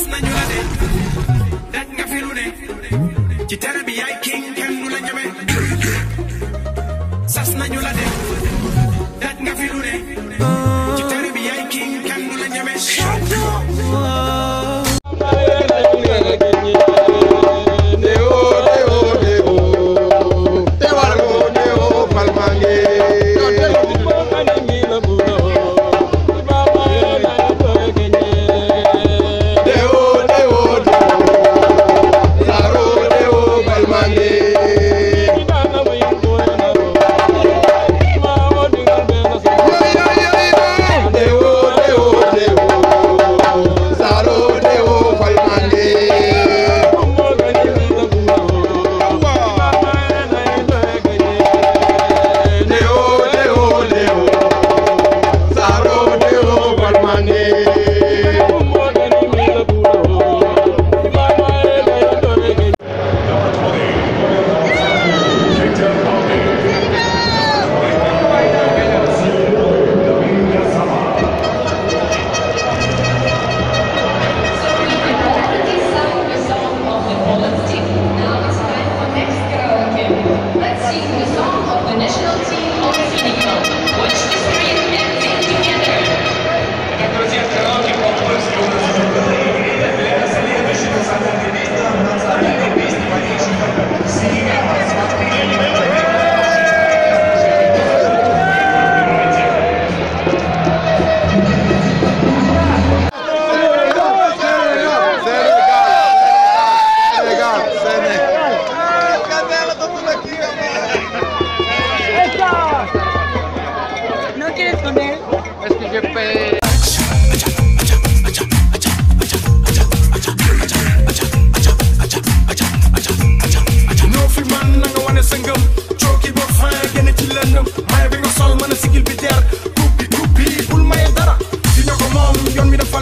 gas nañu la de daj nga fi lu ne ci tere bi yaay king kenn du la ñeme sas nañu la de sing the song.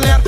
Yeah.